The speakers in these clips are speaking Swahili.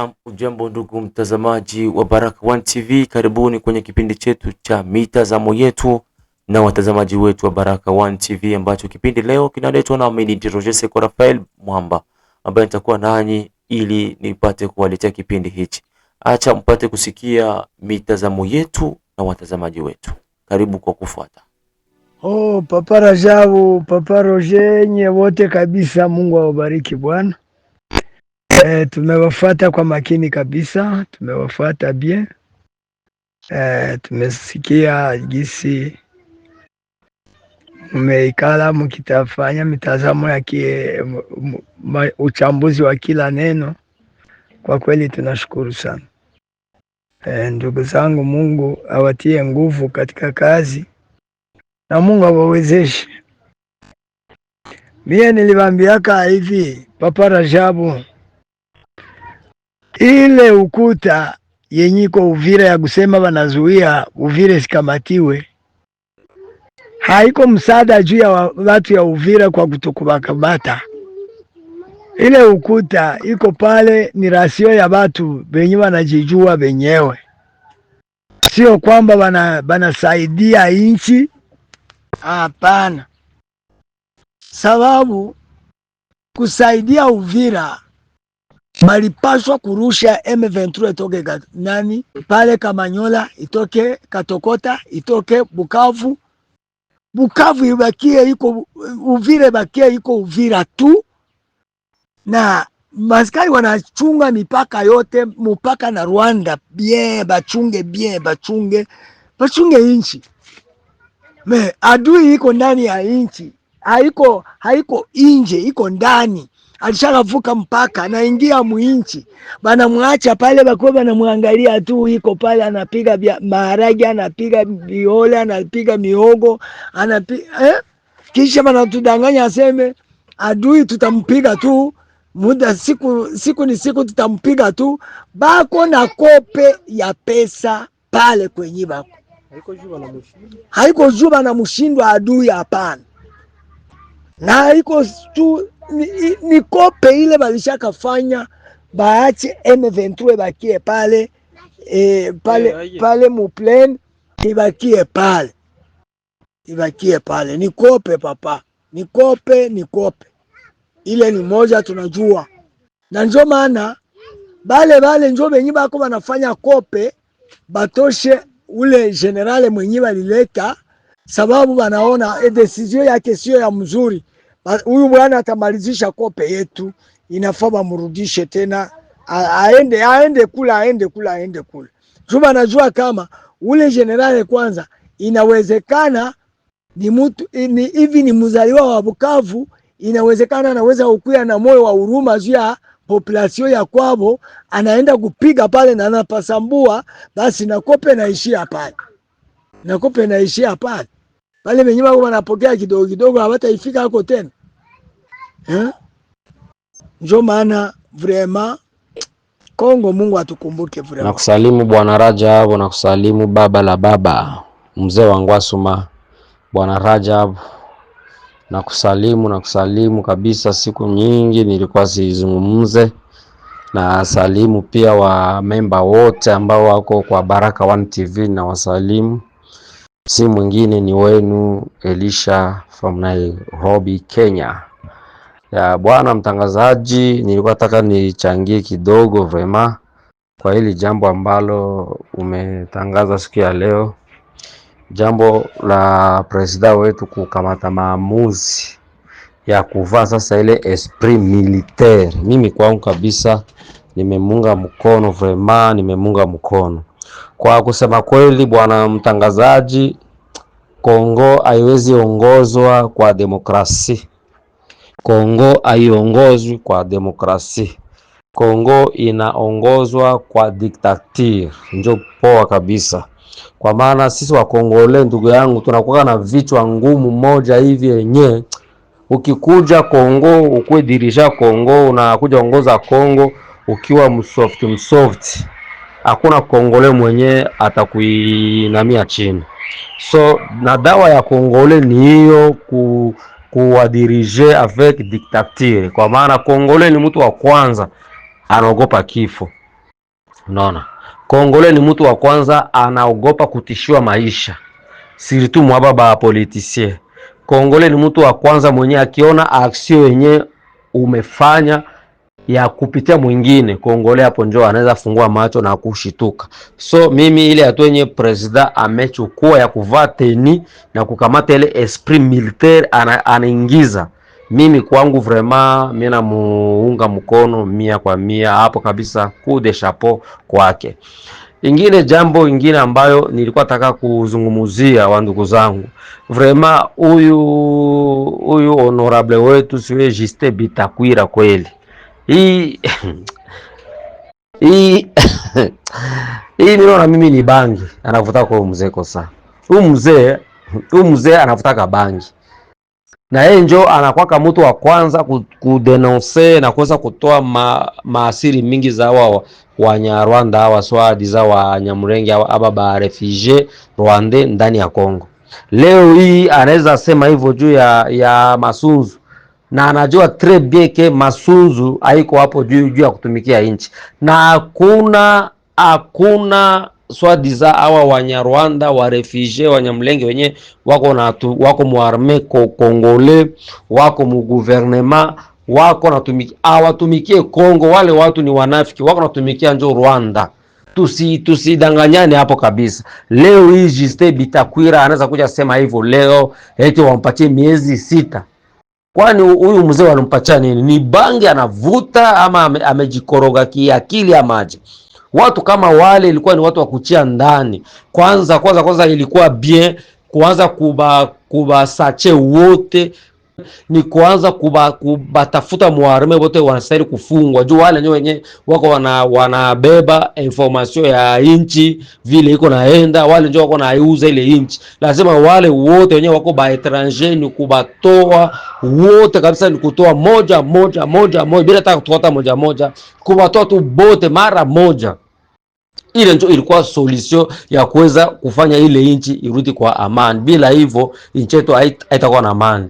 Naam, ujambo ndugu mtazamaji wa baraka One TV, karibuni kwenye kipindi chetu cha mitazamo yetu na watazamaji wetu wa baraka One TV, ambacho kipindi leo kinaletwa na mimi ni Roger Rafael Mwamba, ambaye nitakuwa nanyi ili nipate kuwaletea kipindi hichi. Acha mpate kusikia mitazamo yetu na watazamaji wetu, karibu kwa kufuata. Oh, Papa Rajabu, Papa Roger, nyewe wote kabisa, Mungu awabariki bwana Eh, tumewafata kwa makini kabisa, tumewafata bien. Eh, tumesikia jinsi mmeikala mkitafanya mitazamo ya uchambuzi wa kila neno. Kwa kweli tunashukuru sana. Eh, ndugu zangu, Mungu awatie nguvu katika kazi na Mungu awawezeshe. Mie niliwaambiaka hivi Papa Rajabu ile ukuta yenye iko Uvira ya kusema wanazuia Uvira sikamatiwe haiko msaada juu ya watu ya Uvira kwa kutokubakamata ile ukuta iko pale, ni rasio ya watu wenye wanajijua benyewe, sio kwamba wanasaidia nchi inchi. Hapana, sababu kusaidia Uvira balipashwa kurusha M23 itoke nani pale Kamanyola, itoke Katokota, itoke Bukavu. Bukavu ibakie iko Uvira, ibakie iko Uvira tu, na maskari wanachunga mipaka yote, mupaka na Rwanda bie bachunge bie bachunge bachunge inchi. Me adui iko ndani ya inchi, haiko haiko inje, iko ndani alishakavuka mpaka anaingia mwinchi, banamwacha pale, bakuwa banamwangalia tu, iko pale anapiga maharage, anapiga biole, anapiga miogo, anapiga eh? Kisha banatudanganya aseme adui tutampiga tu muda siku siku ni siku tutampiga tu, bako na kope ya pesa pale kwenye bako haiko juba na adui, hapana na haiko tu nikope ni ile balishakafanya baache M23 bakie pale e, pale yeah, yeah. pale muplen ibakie pale ibakie pale nikope papa nikope nikope ile ni moja tunajua, na njo maana bale bale njo benyi bako banafanya kope batoshe ule generale mwenyi balileta sababu wanaona e eh, decision yake sio ya mzuri. Huyu bwana atamalizisha kope yetu, inafaa bamrudishe tena, a, aende aende kula, aende kula, aende kula. Juba anajua kama ule generale kwanza, inawezekana ni mtu ni hivi ni mzaliwa wa Bukavu, inawezekana anaweza ukuya na moyo wa huruma juu ya population ya kwabo, anaenda kupiga pale na anapasambua, basi nakope naishia pale, nakope naishia pale. Wale wenye wako wanapokea kidogo kidogo hawataifika hako tena. Eh? Ndio maana vrema Kongo Mungu atukumbuke vrema. Nakusalimu Bwana Rajab, nakusalimu baba la baba, mzee wa Ngwasuma. Bwana Rajab, nakusalimu nakusalimu kabisa. Siku nyingi nilikuwa sizungumze na salimu pia wa memba wote ambao wako kwa Baraka One TV na wasalimu si mwingine ni wenu Elisha from Nairobi, Kenya. Ya bwana mtangazaji, nilikuwa nataka nichangie kidogo vrema kwa hili jambo ambalo umetangaza siku ya leo, jambo la presida wetu kukamata maamuzi ya kuvaa sasa ile esprit militaire. Mimi kwangu kabisa nimemunga mkono vrema, nimemunga mkono kwa kusema kweli, bwana mtangazaji, Kongo haiwezi ongozwa kwa demokrasi. Kongo haiongozwi kwa demokrasi. Kongo inaongozwa kwa diktatir, njo poa kabisa. Kwa maana sisi Wakongole, ndugu yangu, tunakuwa na vichwa ngumu moja hivi yenye ukikuja Kongo ukwe dirija Kongo unakuja ongoza Kongo ukiwa msoft msoft hakuna kongole mwenye atakuinamia chini. So na dawa ya kongole ni hiyo ku kuwadirige avec dictature, kwa maana kongole ni mtu wa kwanza anaogopa kifo. Unaona, kongole ni mtu wa kwanza anaogopa kutishiwa maisha, siritu mwababa politisie. Kongole ni mtu wa kwanza mwenye akiona aksio yenye umefanya ya kupitia mwingine kuongolea hapo njoo anaweza fungua macho na kushituka. So mimi ile hatua yenye president amechukua ya kuvaa teni na kukamata ile esprit militaire ana, anaingiza mimi kwangu vraiment mimi namuunga mkono mia kwa mia hapo kabisa, coup de chapeau kwake. Ingine jambo ingine ambayo nilikuwa nataka kuzungumzia wa ndugu zangu, vraiment huyu huyu honorable wetu siwe Justin Bitakwira kweli hii hii hii niliona mimi ni bangi anavuta kwa mzee kosa. Huyu mzee huyu mzee anavutaka bangi, na yeye njo anakwaka mtu wa kwanza kudenonse na kuweza kutoa ma, maasiri mingi za wao Wanyarwanda hawa swadi za Wanyamurenge aba ba refugee Rwanda ndani ya Kongo. Leo hii anaweza sema hivyo juu ya, ya Masunzu na anajua tres bien Masunzu haiko hapo juu juu ya kutumikia nchi, na hakuna hakuna swadiza awa Wanyarwanda wa refugee Wanyamlenge wenye wako na wako muarme kongole wako gouvernement wako natumiki awatumikie Kongo. Wale watu ni wanafiki, wako natumikia njo Rwanda. Tusi tusidanganyane hapo kabisa. Leo hii Justin Bitakwira anaweza kuja sema hivyo leo eti wampatie miezi sita Kwani huyu mzee alimpatia nini? Ni bangi anavuta ama ame, amejikoroga kiakili ama aje? Watu kama wale ilikuwa ni watu wa kuchia ndani. Kwanza kwanza kwanza ilikuwa bien kuanza kuba sache wote ni kuanza kubatafuta kuba muharime wote wanastahili kufungwa, juu wale nyo wenye wako wana, wanabeba information ya inchi vile iko naenda, wale njo wako naiuza ile inchi. Lazima wale wote wenye wako ba etranger ni kubatoa wote kabisa, ni kutoa moja moja moja moja bila hata kutoa moja moja, kubatoa tu bote mara moja. Ile ndio ilikuwa solution ya kuweza kufanya ile inchi irudi kwa amani. Bila hivyo inchi yetu haitakuwa na amani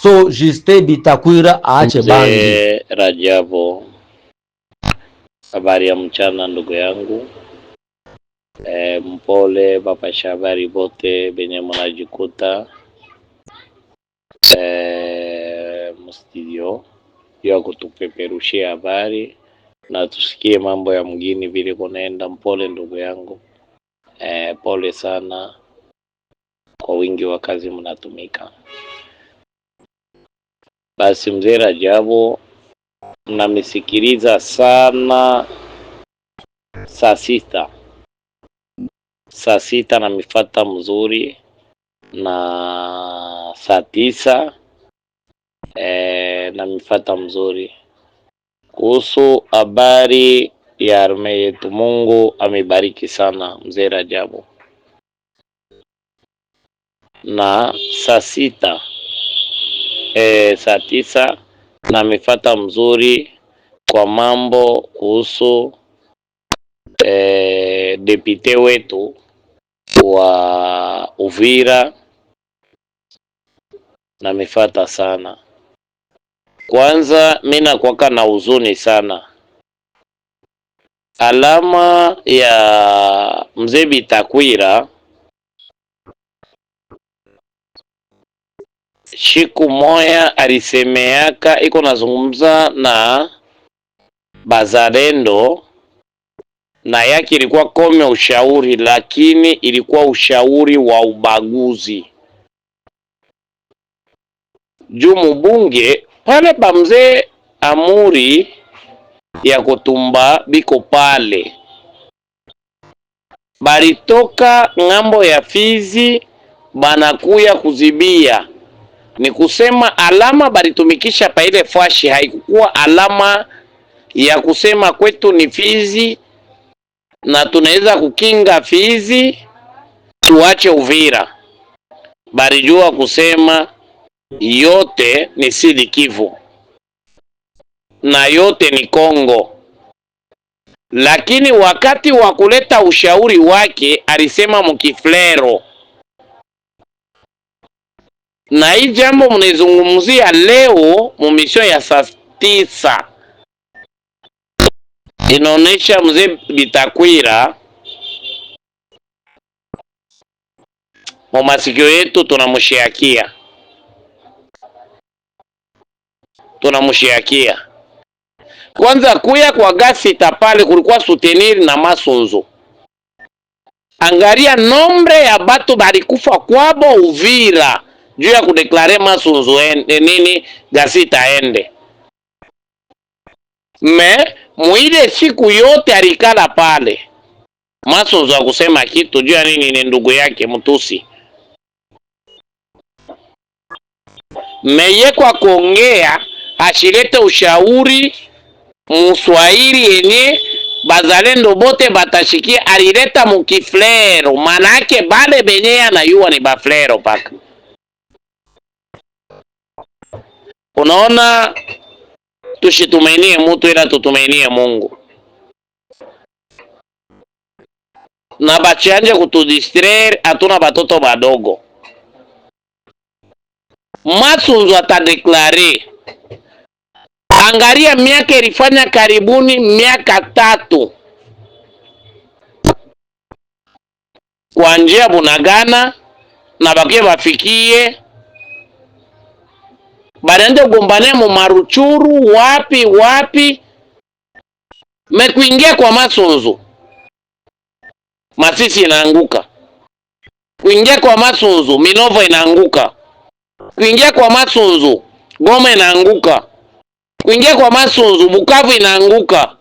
so Justin Bitakwira aache bangi. Rajabo, habari ya mchana ndugu yangu. E, mpole bapasha habari bote benye mnajikuta e, eh, mstudio ya kutupeperushia habari na tusikie mambo ya mgini vile kunaenda. Mpole ndugu yangu e, pole sana kwa wingi wa kazi mnatumika. Basi mzee Rajabu, namesikiliza sana. Saa sita saa sita namifata mzuri na saa tisa e, namifata mzuri kuhusu habari ya arme yetu. Mungu amebariki sana mzee Rajabu na saa sita e, saa tisa na mifata mzuri kwa mambo kuhusu e, depite wetu wa Uvira na mifata sana. Kwanza mi nakuwaka na huzuni sana, alama ya mzee Bitakwira shiku moya alisemeaka iko nazungumza na bazalendo na yake ilikuwa kome ushauri, lakini ilikuwa ushauri wa ubaguzi juu mubunge pale pa mzee amuri ya kutumba biko pale balitoka ng'ambo ya Fizi banakuya kuzibia ni kusema alama balitumikisha pa ile fashi haikukuwa alama ya kusema kwetu ni Fizi na tunaweza kukinga Fizi tuache Uvira, balijua kusema yote ni Sidi Kivu na yote ni Kongo, lakini wakati wa kuleta ushauri wake alisema mukiflero na hii jambo mnaizungumzia leo mumisho ya saa tisa inaonesha mzee Bitakwira mumasikio yetu, tunamshiakia tunamshiakia. Kwanza kuya kwa gasi pale kulikuwa suteniri na masunzu, angaria nombre ya batu balikufa kwabo Uvira juu ya kudeklare Masunzu ende, eh, nini Gasita ende me muile siku yote alikala pale Masunzu akusema kitu juu ya nini? Ni ndugu yake Mtusi meye kwa kuongea ashilete ushauri muswahili yenye bazalendo bote batashikia, alileta mukiflero, manake bale benye anayuwa ni baflero paka Unaona, tushitumainie mtu ila tutumainie Mungu. Na bachianje kutudistraire, hatuna batoto badogo. Masunzu atadeklare, angaria miaka ilifanya karibuni miaka tatu kwa njia bunagana na bakie bafikie barende ugombane mu Maruchuru wapi wapi, mekuingia kwa masunzu Masisi inaanguka, kuingia kwa masunzu Minova inaanguka, kuingia kwa masunzu Goma inaanguka, kuingia kwa masunzu Bukavu inaanguka,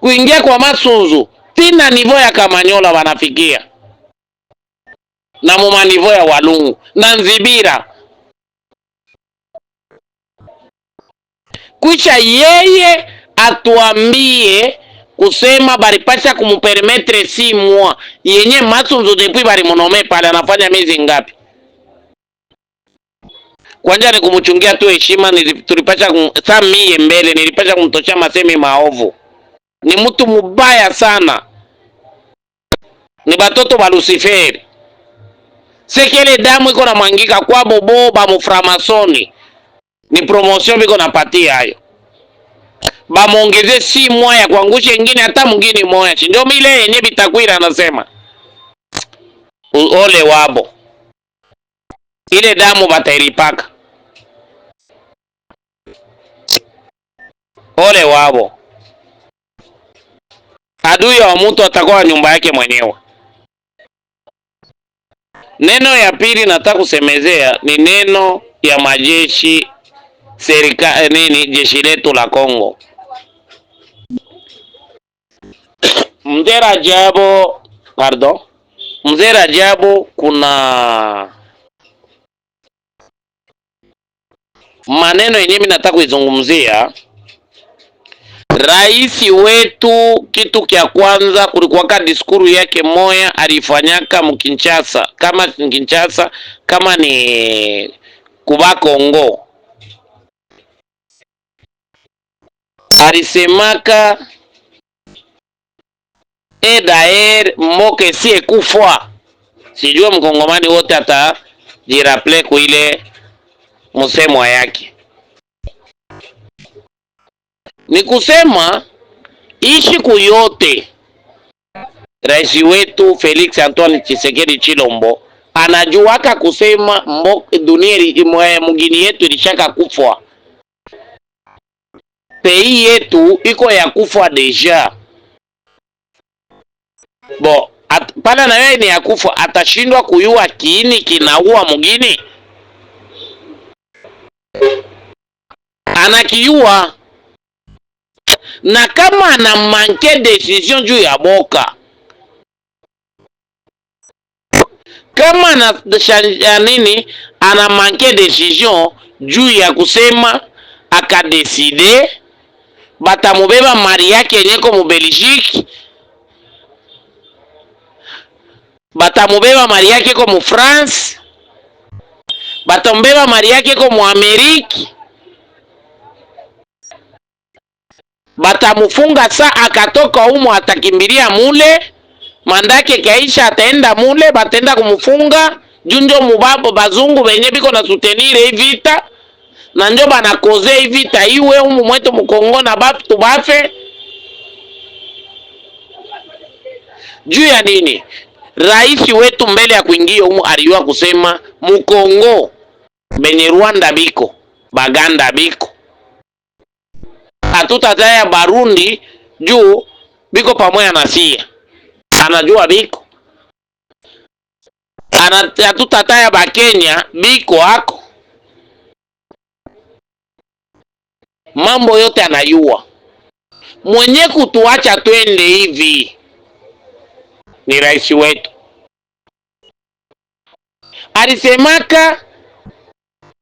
kuingia kwa masunzu tina nivo ya Kamanyola wanafikia na mumanivo ya Walungu na Nzibira kisha yeye atuambie kusema baripacha kumupermetre si mwa yenye masunzu depuis bari monome pale anafanya miezi ngapi? Kwanja ni kumuchungia tu heshima. Tulipacha saa mbele nilipasha kumtosha masemi maovu. Ni mtu mubaya sana, ni batoto ba Lusiferi. sekele damu iko na mwangika kwa bobo ba muframasoni ni promotion biko napatia hayo, bamongeze si mwaya kuangusha ingine hata mwingine moya si ndio mile yenye bitakwira anasema ole wabo, ile damu batairipaka ole wabo. Adui wa mtu atakuwa nyumba yake mwenyewe. Neno ya pili nataka kusemezea ni neno ya majeshi serikali eh, nini, jeshi letu la Kongo. Mzee Rajabu, pardon, Mzee Rajabu, kuna maneno yenyewe nataka kuizungumzia Raisi wetu kitu kya kwanza kulikuwaka diskuru yake moya alifanyaka mkinchasa kama mkinchasa kama ni kuba Kongo alisemaka e eh, daer moke si ekufwa. Sijua mkongomani wote jiraple kuile msemo yake, ni kusema ishi kuyote. Rais wetu Felix Antoine Tshisekedi Chilombo anajuaka kusema dunia eh, mgini yetu ilishaka kufwa pei yetu iko ya kufa deja bo at, pana na yeye ni ya kufa, atashindwa kuyua kiini kinaua mugini anakiyua na kama ana manke decision juu ya boka kama ana ya nini, ana manke decision juu ya kusema akadeside batamubeba mari yake yenyeko mu Belgique, batamubeba mari yake ko mu France, batambeba mari yake ko mu batamufunga sa akatoka humo, atakimbilia mule mandake kaisha, ataenda mule, batenda kumufunga junjo mubabo bazungu benye biko na sutenire hii vita na ndio banakoze ivita iwe umu mwetu Mkongo na batu bafe juu ya nini? Rais wetu mbele ya kuingia umu aliwa kusema Mkongo benye Rwanda biko Baganda biko hatutataya Barundi juu biko pamoja na sia anajua biko hatutataya Bakenya biko ako mambo yote anajua. Mwenye kutuacha twende hivi ni rais wetu, alisemaka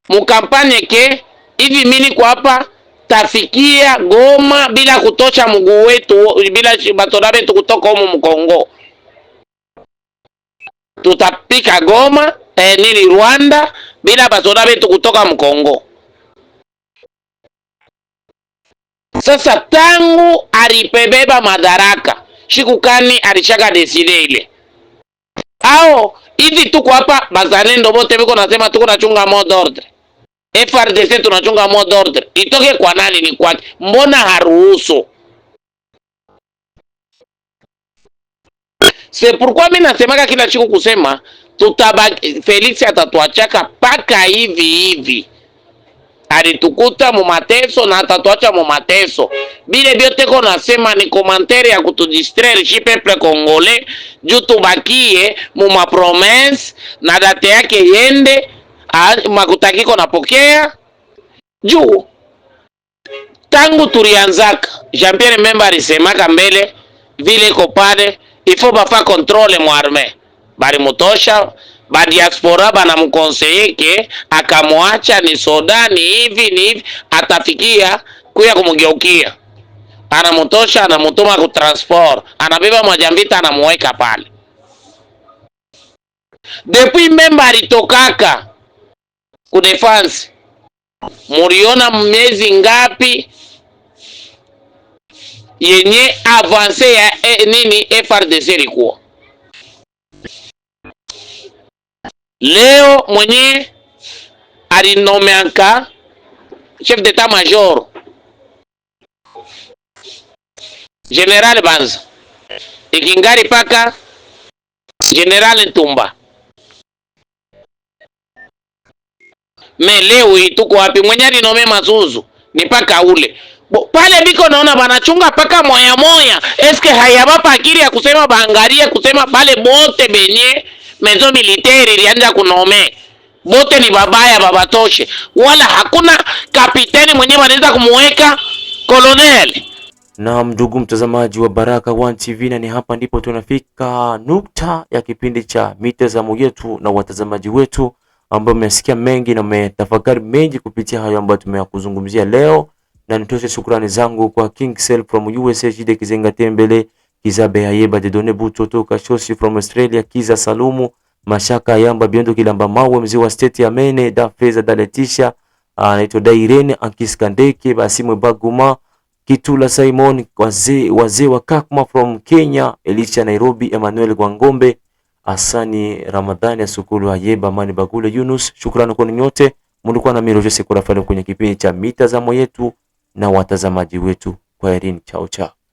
mukampanye ke hivi, mini kwa hapa tafikia Goma bila kutosha mguu wetu, bila batoda betu kutoka humu Mkongo, tutapika Goma eh, Rwanda bila basoda betu kutoka Mkongo. Sasa tangu alipebeba madaraka kani alishaka deside ile ao hivi, tuko hapa bazalendo bote biko nasema tuko nachunga mot d'ordre, FRDC tunachunga mot d'ordre, itoke kwa nani? Ni kwake. Mbona haruhusu? C'est pourquoi mimi nasemaka kila siku kusema tutabaki, Felix atatuachaka paka hivi hivi alitukuta mumateso na hata mumateso. Bile byote ko nasema ni komantere ya kutudistraire shi peple kongole juu tubakie mumapromense na date yake yende makutakiko napokea juu tangu tulianzaka Jean Pierre Memba alisemaka mbele vile kopale ifo bafa kontrole mwarme balimutosha Badiaspora bana ke akamwacha ni soda ni hivi ni hivi, atafikia kuya kumgeukia, anamutosha anamutuma ku transport, anabeba mwajamvita anamuweka pale. Depuis memba alitokaka ku defense, muliona miezi ngapi yenye avance ya eh, nini FRDC ilikuwa leo mwenye alinomeanka chef d'etat major General Banza ikingari paka General Ntumba. Me leo ituko wapi? Mwenye alinome mazuzu ni paka ule pale biko naona banachunga paka moya moya, eske hayabapa akili ya kusema baangalie kusema pale bote benye mezo militeri ilianza kunome bote ni babaya babatoshe, wala hakuna kapiteni mwenyewe anaweza kumuweka colonel. Na ndugu mtazamaji wa Baraka One TV, na ni hapa ndipo tunafika nukta ya kipindi cha mitazamo yetu na watazamaji wetu ambao mmesikia mengi na mmetafakari mengi kupitia hayo ambayo tumeyakuzungumzia leo, na nitoshe shukrani zangu kwa King Cell from Jide Kizenga Tembele Kiza Beayeba Dedone Buto toka Shoshi from Australia, Kiza Salumu Mashaka Yamba Biondo Kilamba Mawe mzee wa state ya Mene da Feza da Letisha ah, anaitwa uh, Dairene Ankiskandeke Basimwe Baguma Kitula Simon wazee wazee wa Kakma from Kenya, Elisha Nairobi, Emmanuel Gwangombe, Asani Ramadhani Asukulu Ayeba Mani Bagule Yunus. Shukrani kwenu nyote, mlikuwa na mimi Roger Sekorafalo kwenye kipindi cha mitazamo yetu na watazamaji wetu. Kwaherini, chao chao.